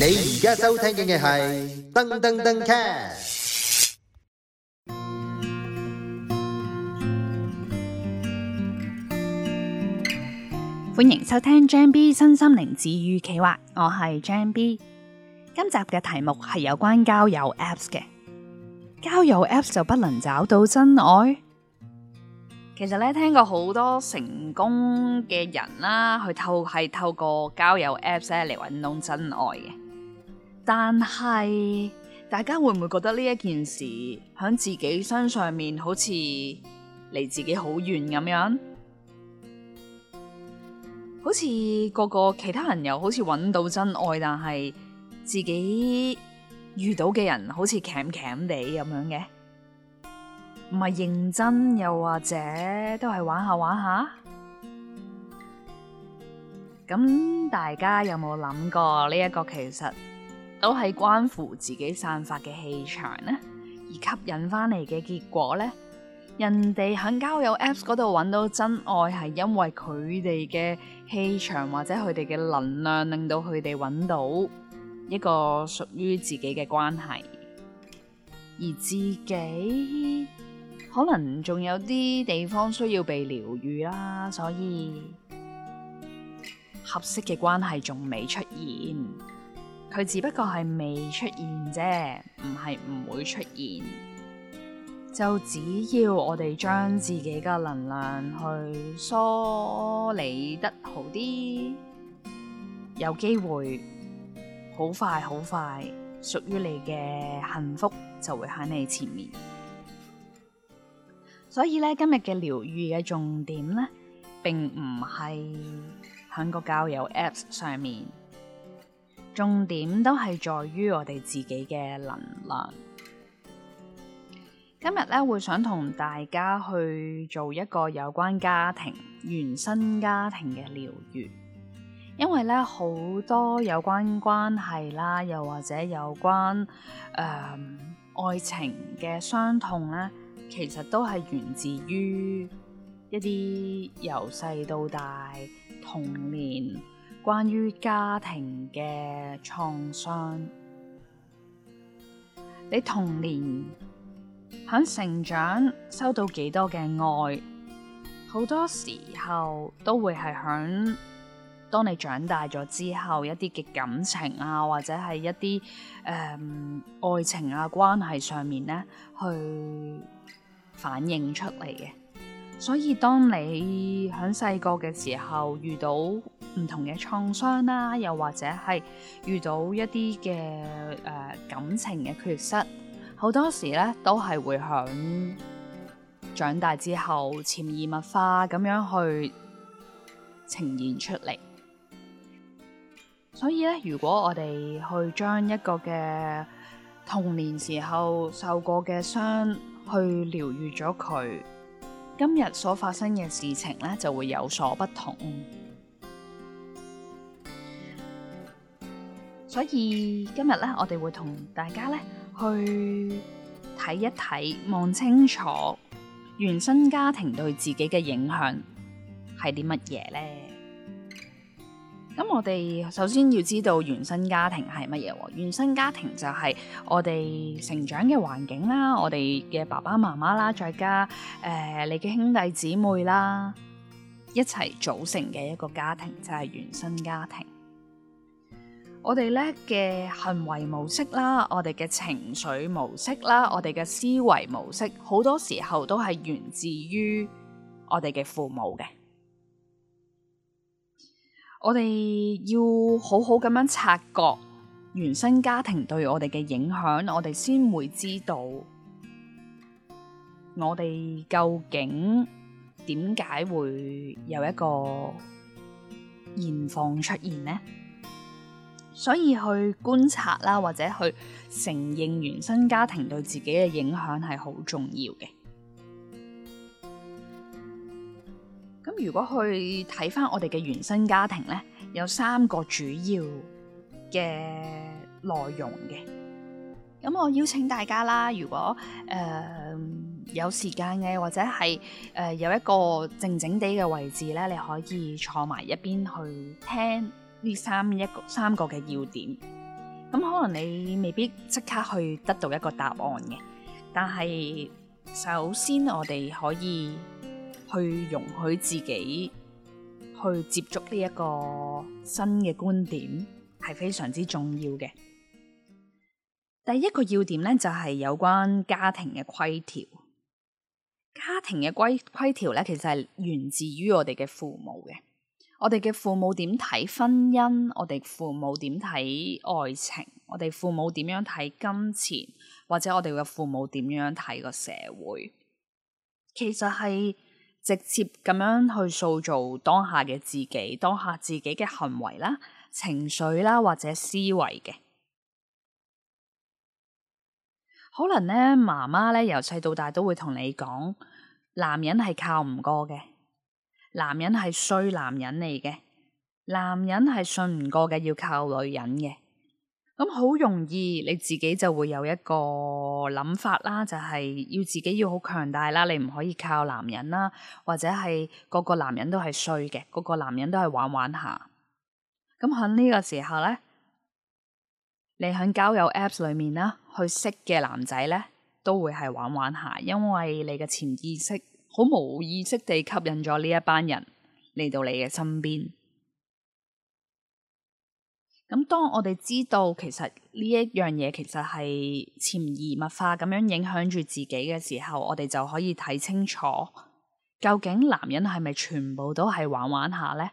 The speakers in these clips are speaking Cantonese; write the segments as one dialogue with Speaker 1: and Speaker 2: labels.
Speaker 1: 你而家收聽嘅係噔噔噔 cast，歡迎收聽張 B 身心靈治癒企劃，我係張 B。今集嘅題目係有關交友 apps 嘅，交友 apps 就不能找到真愛？其實咧，聽過好多成功嘅人啦，去透係透過交友 apps 咧嚟搵到真愛嘅。但係，大家會唔會覺得呢一件事喺自己身上面好似離自己好遠咁樣？好似個個其他人又好似揾到真愛，但係自己遇到嘅人好似働働地咁樣嘅，唔係認真，又或者都係玩下玩下。咁大家有冇諗過呢一個其實？都係關乎自己散發嘅氣場呢，而吸引翻嚟嘅結果呢？人哋喺交友 apps 嗰度揾到真愛，係因為佢哋嘅氣場或者佢哋嘅能量令到佢哋揾到一個屬於自己嘅關係，而自己可能仲有啲地方需要被療癒啦，所以合適嘅關係仲未出現。佢只不過係未出現啫，唔係唔會出現。就只要我哋將自己嘅能量去梳理得好啲，有機會好快好快，屬於你嘅幸福就會喺你前面。所以咧，今日嘅療癒嘅重點咧，並唔係喺個交友 app 上面。重點都係在於我哋自己嘅能量。今日咧會想同大家去做一個有關家庭原生家庭嘅療癒，因為咧好多有關關係啦，又或者有關誒、呃、愛情嘅傷痛咧，其實都係源自於一啲由細到大童年。關於家庭嘅創傷，你童年響成長收到幾多嘅愛？好多時候都會係響當你長大咗之後，一啲嘅感情啊，或者係一啲誒、呃、愛情啊關係上面咧，去反映出嚟嘅。所以，當你喺細個嘅時候遇到唔同嘅創傷啦，又或者係遇到一啲嘅誒感情嘅缺失，好多時咧都係會響長大之後潛移默化咁樣去呈現出嚟。所以咧，如果我哋去將一個嘅童年時候受過嘅傷去療癒咗佢。今日所發生嘅事情呢，就會有所不同。所以今日呢，我哋會同大家呢去睇一睇、望清楚原生家庭對自己嘅影響係啲乜嘢呢？咁我哋首先要知道原生家庭係乜嘢？原生家庭就係我哋成長嘅環境啦，我哋嘅爸爸媽媽啦，再加誒你嘅兄弟姊妹啦，一齊組成嘅一個家庭就係原生家庭。我哋呢嘅行為模式啦，我哋嘅情緒模式啦，我哋嘅思維模式，好多時候都係源自於我哋嘅父母嘅。我哋要好好咁樣察覺原生家庭對我哋嘅影響，我哋先會知道我哋究竟點解會有一個現況出現呢？所以去觀察啦，或者去承認原生家庭對自己嘅影響係好重要嘅。如果去睇翻我哋嘅原生家庭呢，有三個主要嘅內容嘅。咁我邀請大家啦，如果誒、呃、有時間嘅，或者係誒、呃、有一個靜靜地嘅位置呢，你可以坐埋一邊去聽呢三一個三個嘅要點。咁可能你未必即刻去得到一個答案嘅，但係首先我哋可以。去容許自己去接觸呢一個新嘅觀點，係非常之重要嘅。第一個要點呢，就係有關家庭嘅規條。家庭嘅規規條呢，其實係源自於我哋嘅父母嘅。我哋嘅父母點睇婚姻？我哋父母點睇愛情？我哋父母點樣睇金錢？或者我哋嘅父母點樣睇個社會？其實係。直接咁樣去塑造當下嘅自己，當下自己嘅行為啦、情緒啦或者思維嘅，可能呢媽媽呢，由細到大都會同你講，男人係靠唔過嘅，男人係衰男人嚟嘅，男人係信唔過嘅，要靠女人嘅。咁好容易，你自己就會有一個諗法啦，就係要自己要好強大啦，你唔可以靠男人啦，或者係個個男人都係衰嘅，個個男人都係玩玩下。咁喺呢個時候咧，你喺交友 Apps 裏面啦，去識嘅男仔咧，都會係玩玩下，因為你嘅潛意識好冇意識地吸引咗呢一班人嚟到你嘅身邊。咁當我哋知道其實呢一樣嘢其實係潛移默化咁樣影響住自己嘅時候，我哋就可以睇清楚究竟男人係咪全部都係玩玩下咧？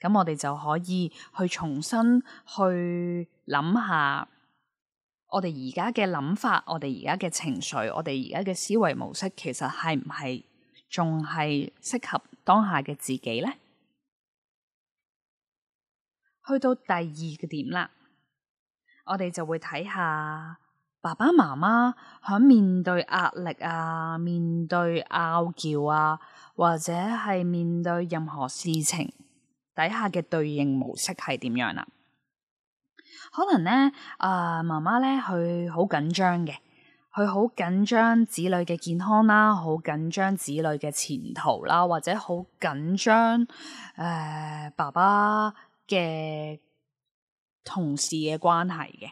Speaker 1: 咁我哋就可以去重新去諗下我哋而家嘅諗法、我哋而家嘅情緒、我哋而家嘅思維模式，其實係唔係仲係適合當下嘅自己咧？去到第二個點啦，我哋就會睇下爸爸媽媽響面對壓力啊，面對拗撬啊，或者係面對任何事情底下嘅對應模式係點樣啦。可能呢，啊、呃，媽媽咧，佢好緊張嘅，佢好緊張子女嘅健康啦，好緊張子女嘅前途啦，或者好緊張誒、呃，爸爸。嘅同事嘅關係嘅，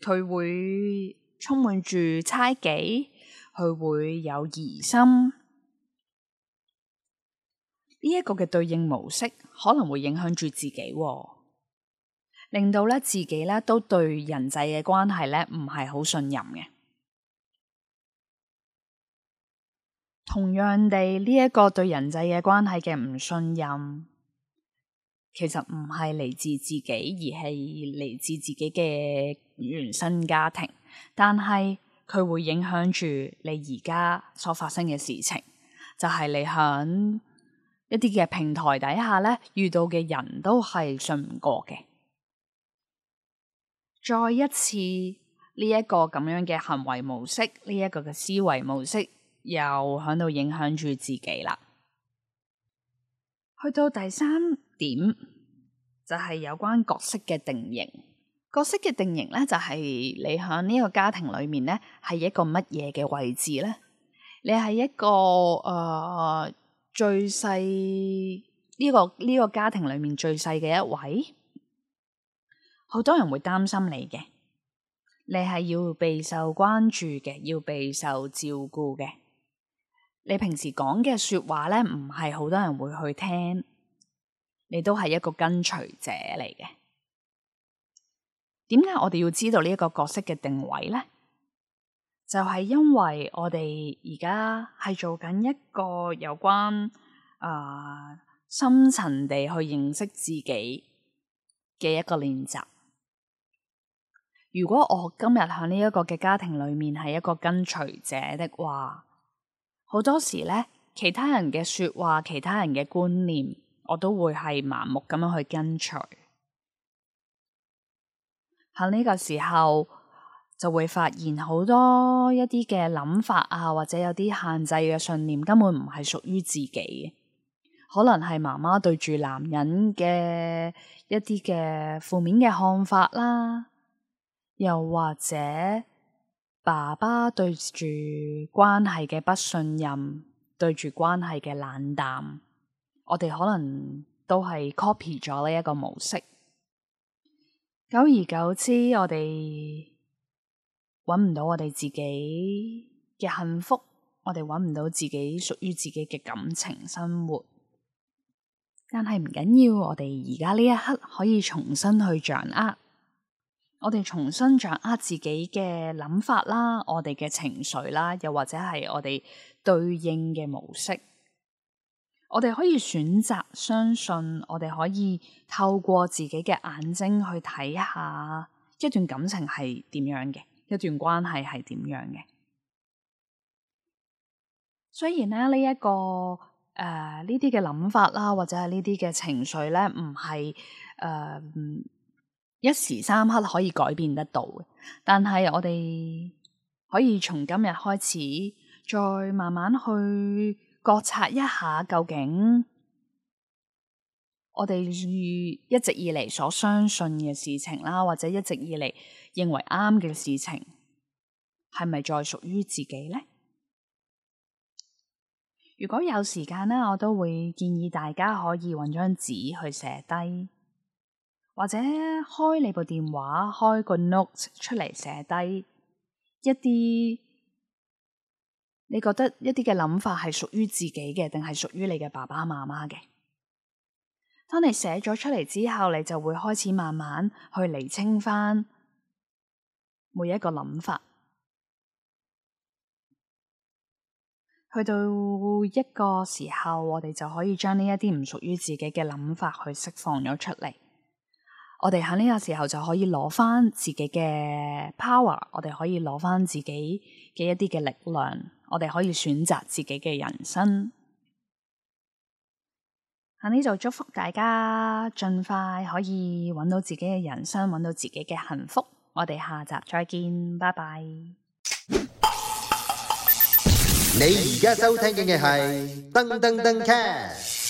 Speaker 1: 佢會充滿住猜忌，佢會有疑心。呢一個嘅對應模式可能會影響住自己喎，令到咧自己咧都對人際嘅關係咧唔係好信任嘅。同樣地，呢一個對人際嘅關係嘅唔信任。其實唔係嚟自自己，而係嚟自自己嘅原生家庭。但係佢會影響住你而家所發生嘅事情，就係、是、你響一啲嘅平台底下咧遇到嘅人都係信唔過嘅。再一次呢一、這個咁樣嘅行為模式，呢、這、一個嘅思維模式又響度影響住自己啦。去到第三。點就係、是、有關角色嘅定型。角色嘅定型呢，就係、是、你喺呢個家庭裏面呢，係一個乜嘢嘅位置呢？你係一個誒、呃、最細呢、這個呢、這個家庭裏面最細嘅一位，好多人會擔心你嘅。你係要備受關注嘅，要備受照顧嘅。你平時講嘅說話呢，唔係好多人會去聽。你都係一個跟隨者嚟嘅，點解我哋要知道呢一個角色嘅定位呢？就係因為我哋而家係做緊一個有關啊、呃，深層地去認識自己嘅一個練習。如果我今日喺呢一個嘅家庭裏面係一個跟隨者的話，好多時呢，其他人嘅說話，其他人嘅觀念。我都會係盲目咁樣去跟隨，喺呢個時候就會發現好多一啲嘅諗法啊，或者有啲限制嘅信念根本唔係屬於自己，可能係媽媽對住男人嘅一啲嘅負面嘅看法啦，又或者爸爸對住關係嘅不信任，對住關係嘅冷淡。我哋可能都係 copy 咗呢一個模式，久而久之，我哋揾唔到我哋自己嘅幸福，我哋揾唔到自己屬於自己嘅感情生活。但係唔緊要，我哋而家呢一刻可以重新去掌握，我哋重新掌握自己嘅諗法啦，我哋嘅情緒啦，又或者係我哋對應嘅模式。我哋可以選擇相信，我哋可以透過自己嘅眼睛去睇下一段感情係點樣嘅，一段關係係點樣嘅。雖然咧呢一個誒呢啲嘅諗法啦，或者係呢啲嘅情緒咧，唔係誒一時三刻可以改變得到嘅。但係我哋可以從今日開始，再慢慢去。覺察一下，究竟我哋一直以嚟所相信嘅事情啦，或者一直以嚟認為啱嘅事情，係咪再屬於自己呢？如果有時間呢，我都會建議大家可以揾張紙去寫低，或者開你部電話，開個 note 出嚟寫低一啲。你覺得一啲嘅諗法係屬於自己嘅，定係屬於你嘅爸爸媽媽嘅？當你寫咗出嚟之後，你就會開始慢慢去釐清翻每一個諗法。去到一個時候，我哋就可以將呢一啲唔屬於自己嘅諗法去釋放咗出嚟。我哋喺呢個時候就可以攞翻自己嘅 power，我哋可以攞翻自己嘅一啲嘅力量。我哋可以選擇自己嘅人生，喺呢度祝福大家盡快可以搵到自己嘅人生，搵到自己嘅幸福。我哋下集再見，拜拜。你而家收聽嘅係噔噔噔 c